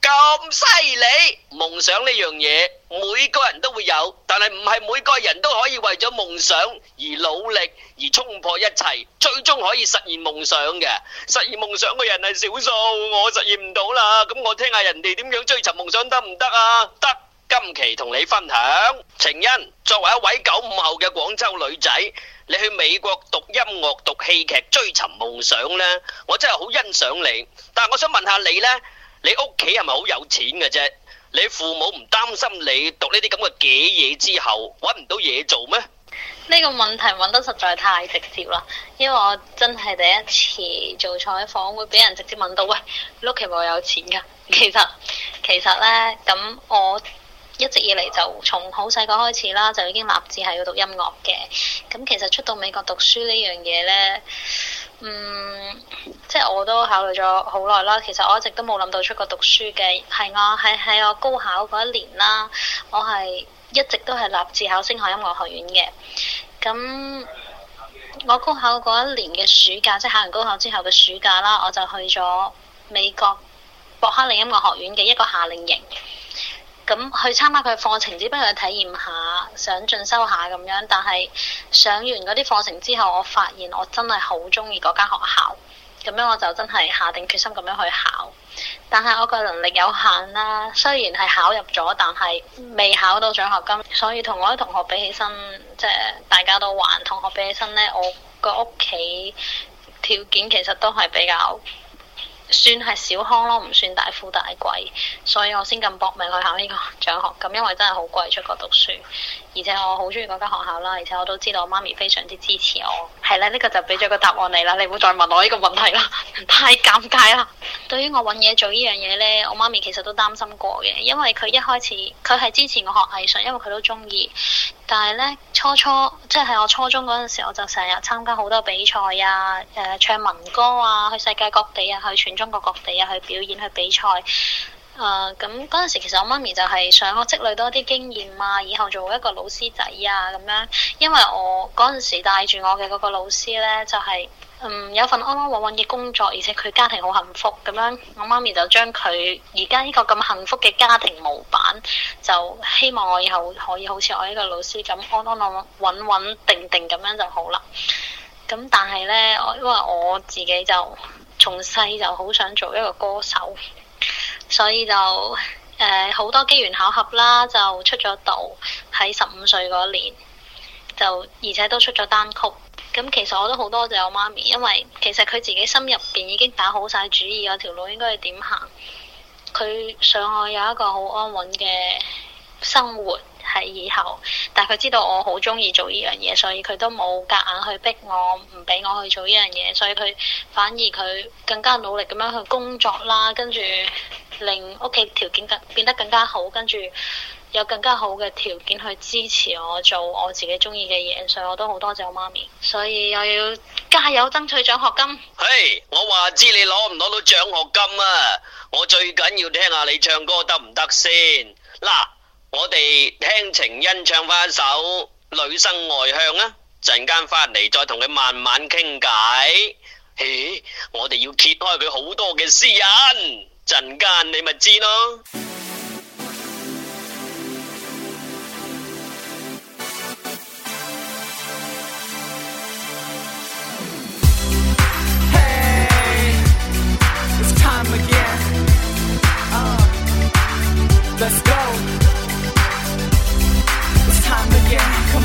咁犀利！夢想呢樣嘢，每個人都會有，但係唔係每個人都可以為咗夢想而努力而衝破一切，最終可以實現夢想嘅。實現夢想嘅人係少數，我實現唔到啦。咁我聽下人哋點樣追尋夢想得唔得啊？得，今期同你分享。晴昕作為一位九五後嘅廣州女仔，你去美國讀音樂、讀戲劇，追尋夢想呢，我真係好欣賞你。但係我想問下你呢。你屋企係咪好有錢嘅啫？你父母唔擔心你讀呢啲咁嘅幾嘢之後，揾唔到嘢做咩？呢個問題問得實在太直接啦，因為我真係第一次做採訪會俾人直接問到。喂，Lucy 我有錢噶？其實其實呢，咁我一直以嚟，就從好細個開始啦，就已經立志係要讀音樂嘅。咁其實出到美國讀書呢樣嘢呢。嗯，即係我都考慮咗好耐啦。其實我一直都冇諗到出國讀書嘅，係我喺喺我高考嗰一年啦，我係一直都係立志考星海音樂學院嘅。咁我高考嗰一年嘅暑假，即係考完高考之後嘅暑假啦，我就去咗美國伯克利音樂學院嘅一個夏令營。咁去參加佢課程，只不過去體驗下，想進修下咁樣。但係上完嗰啲課程之後，我發現我真係好鍾意嗰間學校。咁樣我就真係下定決心咁樣去考。但係我個能力有限啦，雖然係考入咗，但係未考到獎學金。所以同我啲同學比起身，即係大家都還同學比起身呢，我個屋企條件其實都係比較。算係小康咯，唔算大富大貴，所以我先咁搏命去考呢個獎學金，咁因為真係好貴，出國讀書。而且我好中意嗰間學校啦，而且我都知道我媽咪非常之支持我。係啦，呢、這個就俾咗個答案你啦，你唔好再問我呢個問題啦，太尷尬啦。 對於我揾嘢做呢樣嘢呢，我媽咪其實都擔心過嘅，因為佢一開始佢係支持我學藝術，因為佢都中意。但係呢，初初即係、就是、我初中嗰陣時，我就成日參加好多比賽啊，誒、呃、唱民歌啊，去世界各地啊，去全中國各地啊去表演去比賽。誒，咁嗰陣時其實我媽咪就係想我積累多啲經驗啊，以後做一個老師仔啊咁樣。因為我嗰陣時帶住我嘅嗰個老師呢，就係、是、嗯，有份安安穩穩嘅工作，而且佢家庭好幸福咁樣。我媽咪就將佢而家呢個咁幸福嘅家庭模板，就希望我以後可以好似我呢個老師咁安安穩穩、穩穩定定咁樣就好啦。咁、嗯、但係咧，因為我自己就從細就好想做一個歌手。所以就誒好多機緣巧合啦，就出咗道喺十五歲嗰年，就而且都出咗單曲。咁其實我都好多謝我媽咪，因為其實佢自己心入邊已經打好晒主意，我條路應該係點行。佢想我有一個好安穩嘅生活。係以後，但佢知道我好中意做呢樣嘢，所以佢都冇夾硬去逼我，唔俾我去做呢樣嘢，所以佢反而佢更加努力咁樣去工作啦，跟住令屋企條件更變得更加好，跟住有更加好嘅條件去支持我做我自己中意嘅嘢，所以我都好多謝我媽咪。所以又要加油爭取獎學金。嘿，hey, 我話知你攞唔攞到獎學金啊！我最緊要聽下你唱歌得唔得先嗱。行我哋聽晴昕唱翻首《女生外向》啊，陣間返嚟再同佢慢慢傾偈。咦，我哋要揭開佢好多嘅私隱，陣間你咪知咯。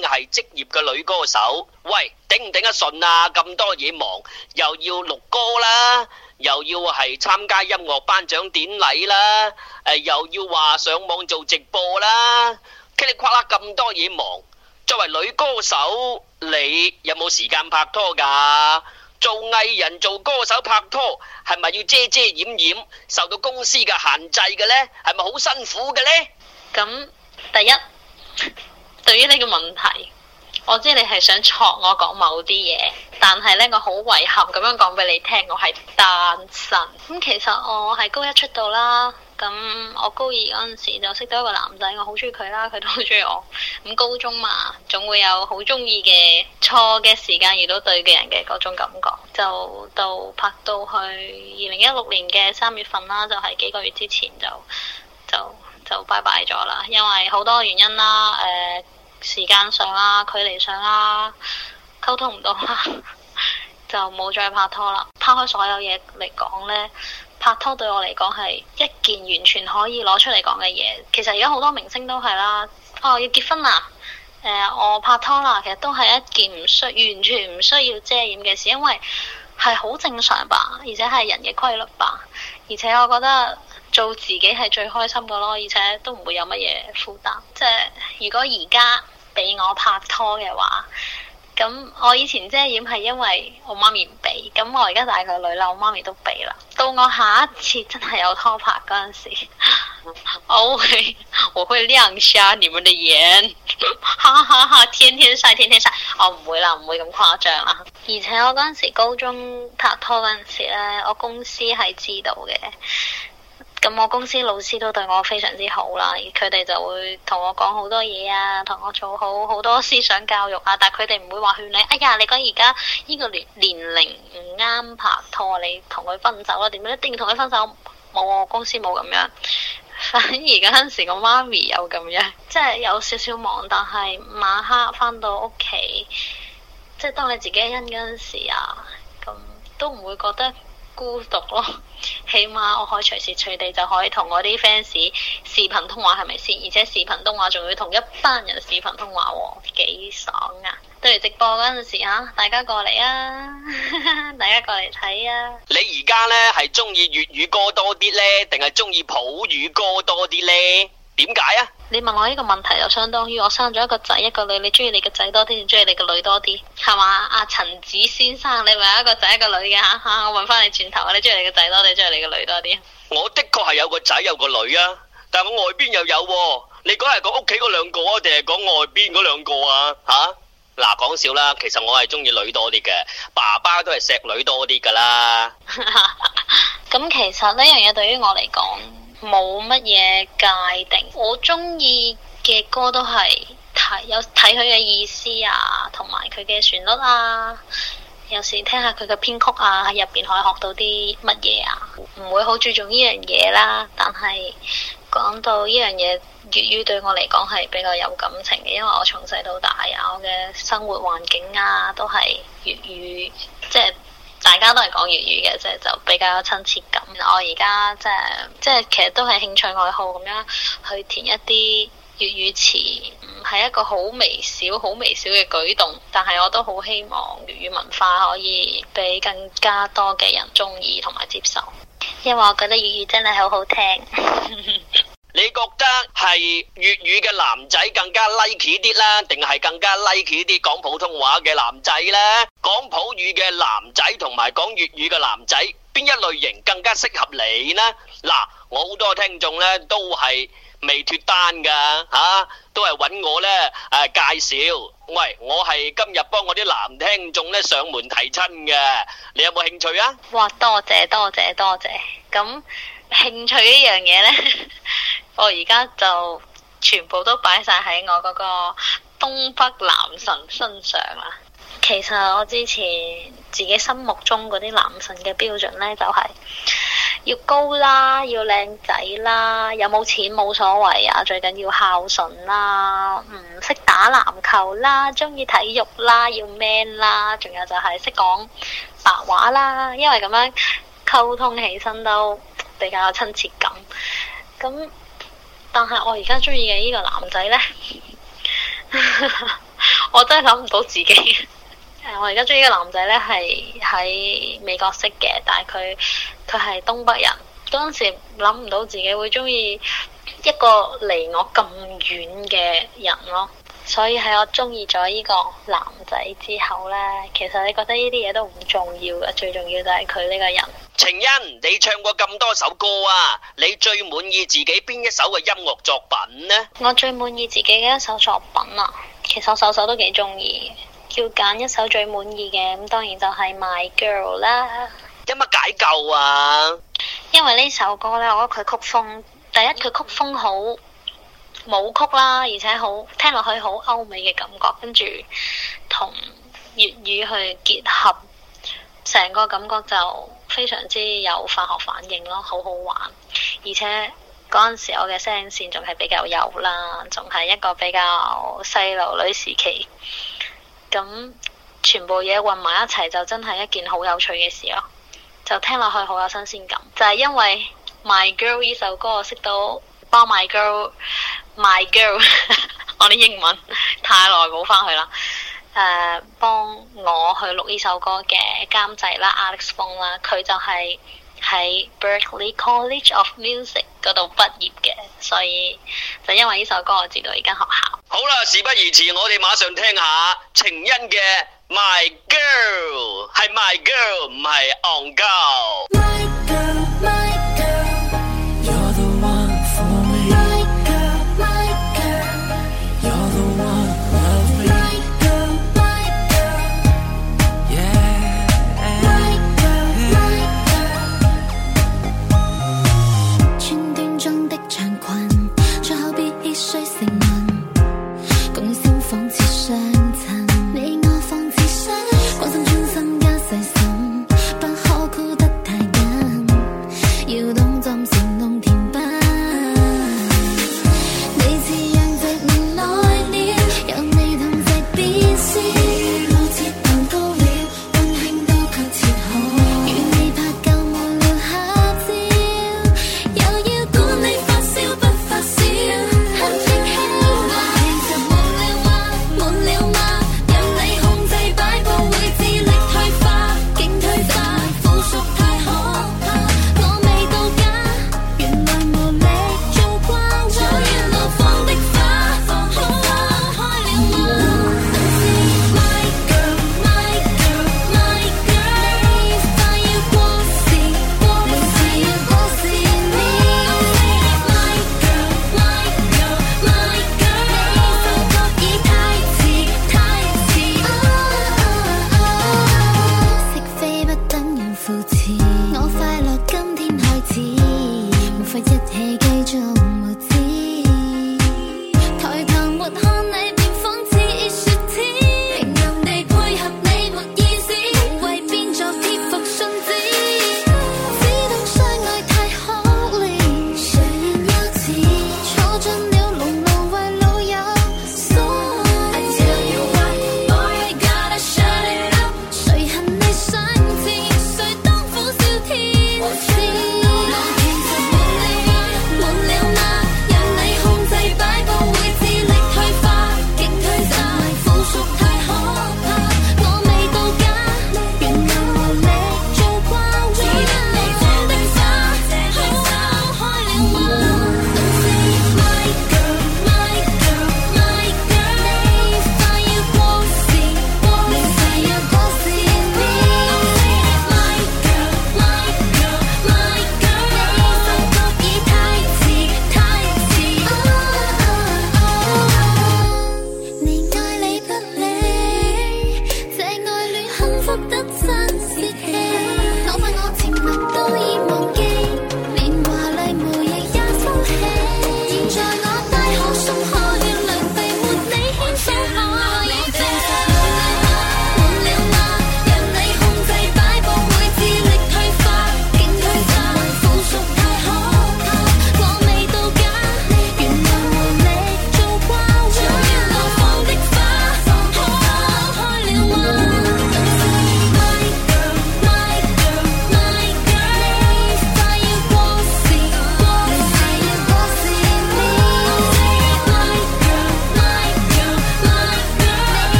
係職業嘅女歌手，喂，頂唔頂得順啊？咁多嘢忙，又要錄歌啦，又要係參加音樂頒獎典禮啦，誒，又要話上網做直播啦，噼里啪啦咁多嘢忙。作為女歌手，你有冇時間拍拖噶？做藝人、做歌手拍拖，係咪要遮遮掩掩，受到公司嘅限制嘅呢？係咪好辛苦嘅呢？咁，第一。對於呢個問題，我知你係想錯我講某啲嘢，但係呢，我好遺憾咁樣講俾你聽，我係單身。咁、嗯、其實我係高一出道啦，咁我高二嗰陣時就識到一個男仔，我好中意佢啦，佢都好中意我。咁高中嘛，總會有好中意嘅錯嘅時間遇到對嘅人嘅嗰種感覺，就到拍到去二零一六年嘅三月份啦，就係、是、幾個月之前就就就拜拜咗啦，因為好多原因啦，誒、呃、時間上啦、啊，距離上啦、啊，溝通唔到啦， 就冇再拍拖啦。拋開所有嘢嚟講呢，拍拖對我嚟講係一件完全可以攞出嚟講嘅嘢。其實而家好多明星都係啦，哦要結婚啦、啊，誒、呃、我拍拖啦，其實都係一件唔需完全唔需要遮掩嘅事，因為係好正常吧，而且係人嘅規律吧。而且我覺得做自己係最開心嘅咯，而且都唔會有乜嘢負擔。即、就、係、是、如果而家。俾我拍拖嘅話，咁我以前遮掩染係因為我媽咪唔俾，咁我而家大個女啦，我媽咪都俾啦。到我下一次真係有拖拍拖嗰陣時，我會我會亮瞎你們的眼，哈哈哈，哈！天天曬，天天曬，我、哦、唔會啦，唔會咁誇張啦。而且我嗰陣時高中拍拖嗰陣時咧，我公司係知道嘅。咁我公司老師都對我非常之好啦，佢哋就會同我講好多嘢啊，同我做好好多思想教育啊。但係佢哋唔會話勸你，哎呀，你講而家呢個年年齡唔啱拍拖，你同佢分手啦，點樣一定要同佢分手？冇，我公司冇咁樣。反而嗰陣時，我媽咪有咁樣，即係有少少忙，但係晚黑翻到屋企，即係當你自己一個人嗰陣時啊，咁都唔會覺得。孤獨咯，起碼我可以隨時隨地就可以同我啲 fans 視頻通話係咪先？而且視頻通話仲要同一班人視頻通話喎，幾爽啊！對於直播嗰陣時啊，大家過嚟啊， 大家過嚟睇啊！你而家呢，係中意粵語歌多啲呢，定係中意普語歌多啲呢？點解啊？你問我呢個問題就相當於我生咗一個仔一個女，你中意你個仔多啲定中意你個女多啲？係嘛？阿、啊、陳子先生，你咪有一個仔一個女嘅吓吓，我問翻你轉頭啊，你中意你個仔多定中意你個女多啲？我的確係有個仔有個女啊，但係我外邊又有、啊，你講係講屋企嗰兩個啊，定係講外邊嗰兩個啊？吓、啊？嗱，講笑啦，其實我係中意女多啲嘅，爸爸都係錫女多啲噶啦。咁 其實呢樣嘢對於我嚟講。冇乜嘢界定，我中意嘅歌都係睇有睇佢嘅意思啊，同埋佢嘅旋律啊，有時聽下佢嘅編曲啊，喺入邊可以學到啲乜嘢啊，唔會好注重呢樣嘢啦。但係講到呢樣嘢，粵語對我嚟講係比較有感情嘅，因為我從細到大啊，我嘅生活環境啊都係粵語，即係。大家都係講粵語嘅，即係就比較有親切感。我而家即係即係，其實都係興趣愛好咁樣去填一啲粵語詞，係一個好微小、好微小嘅舉動，但係我都好希望粵語文化可以俾更加多嘅人鍾意同埋接受，因為我覺得粵語真係好好聽。 你覺得係粵語嘅男仔更加 like 啲啦，定係更加 like 啲講普通話嘅男仔呢？講普語嘅男仔同埋講粵語嘅男仔，邊一類型更加適合你呢？嗱，我好多聽眾呢都係未脱單噶吓，都係揾、啊、我呢誒、啊、介紹。喂，我係今日幫我啲男聽眾呢上門提親嘅，你有冇興趣啊？哇！多謝多謝多謝。咁興趣呢樣嘢呢。 我而家就全部都擺晒喺我嗰個東北男神身上啦。其實我之前自己心目中嗰啲男神嘅標準呢，就係、是、要高啦，要靚仔啦，有冇錢冇所謂啊，最緊要孝順啦，唔、嗯、識打籃球啦，中意體育啦，要 man 啦，仲有就係識講白話啦，因為咁樣溝通起身都比較有親切感。咁但係我而家中意嘅呢個男仔呢， 我真係諗唔到自己。 我而家中意嘅男仔呢，係喺美國識嘅，但係佢佢係東北人。當時諗唔到自己會中意一個離我咁遠嘅人咯。所以喺我中意咗呢個男仔之後呢，其實你覺得呢啲嘢都唔重要嘅，最重要就係佢呢個人。晴昕，你唱過咁多首歌啊！你最滿意自己邊一首嘅音樂作品呢？我最滿意自己嘅一首作品啊，其實我首首都幾中意，要揀一首最滿意嘅，咁當然就係《My Girl》啦。有乜解救啊！因為呢首歌咧，我覺得佢曲風第一，佢曲風好舞曲啦，而且好聽落去好歐美嘅感覺，跟住同粵語去結合，成個感覺就。非常之有化學反應咯，好好玩！而且嗰陣時我嘅聲線仲係比較幼啦，仲係一個比較細路女時期。咁全部嘢混埋一齊就真係一件好有趣嘅事咯，就聽落去好有新鮮感。就係、是、因為 My Girl 呢首歌，我識到幫 My Girl，My Girl，, My Girl 我啲英文太耐冇翻去啦。誒，幫我去錄呢首歌嘅監製啦，Alex Fong 啦，佢就係喺 Berkeley College of Music 嗰度畢業嘅，所以就因為呢首歌我知道呢間學校。好啦，事不宜遲，我哋馬上聽下晴昕嘅 My Girl，係 My Girl 唔係 On Girl。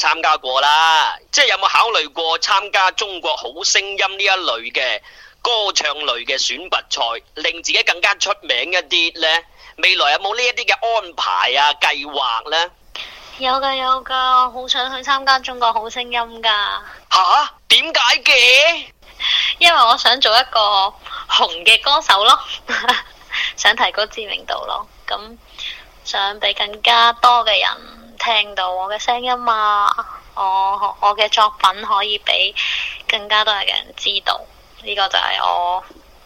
參加過啦，即係有冇考慮過參加中國好聲音呢一類嘅歌唱類嘅選拔賽，令自己更加出名一啲呢？未來有冇呢一啲嘅安排啊計劃呢？有噶有噶，好想去參加中國好聲音噶。吓、啊？點解嘅？因為我想做一個紅嘅歌手咯， 想提高知名度咯，咁想俾更加多嘅人。聽到我嘅聲音嘛、啊，我我嘅作品可以俾更加多嘅人知道，呢、這個就係我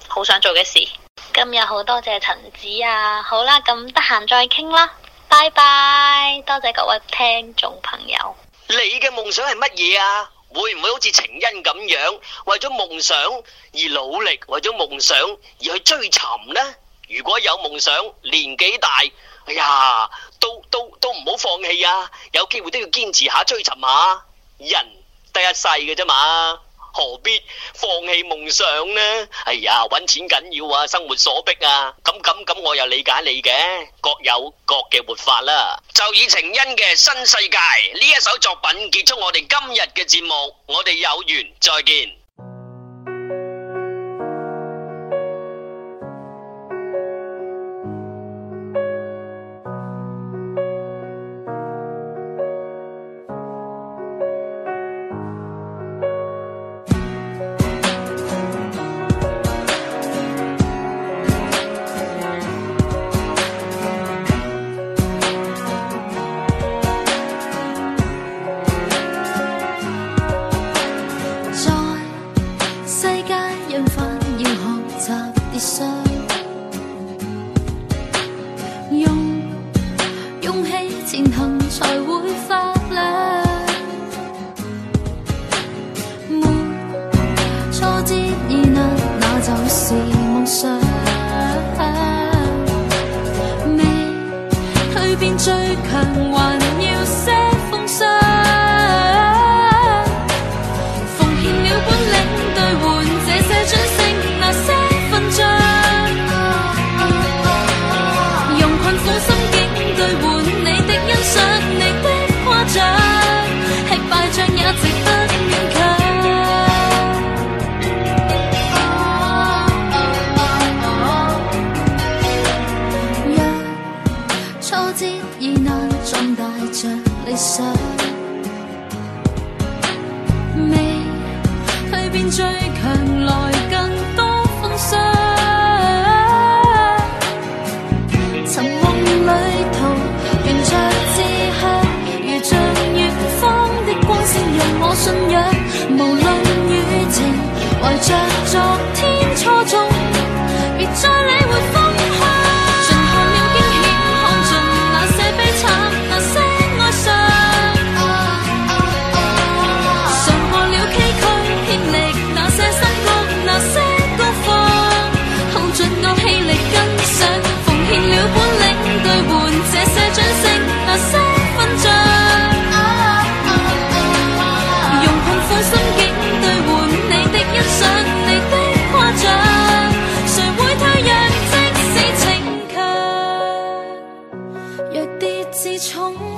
好想做嘅事。今日好多謝陳子啊，好啦，咁得閒再傾啦，拜拜，多謝各位聽眾朋友。你嘅夢想係乜嘢啊？會唔會好似晴昕咁樣為咗夢想而努力，為咗夢想而去追尋呢？如果有夢想，年紀大。哎呀，都都都唔好放棄啊！有機會都要堅持下，追尋下。人得一世嘅啫嘛，何必放棄夢想呢？哎呀，揾錢緊要啊，生活所迫啊。咁咁咁，我又理解你嘅，各有各嘅活法啦。就以晴昕嘅《新世界》呢一首作品結束我哋今日嘅節目，我哋有緣，再見。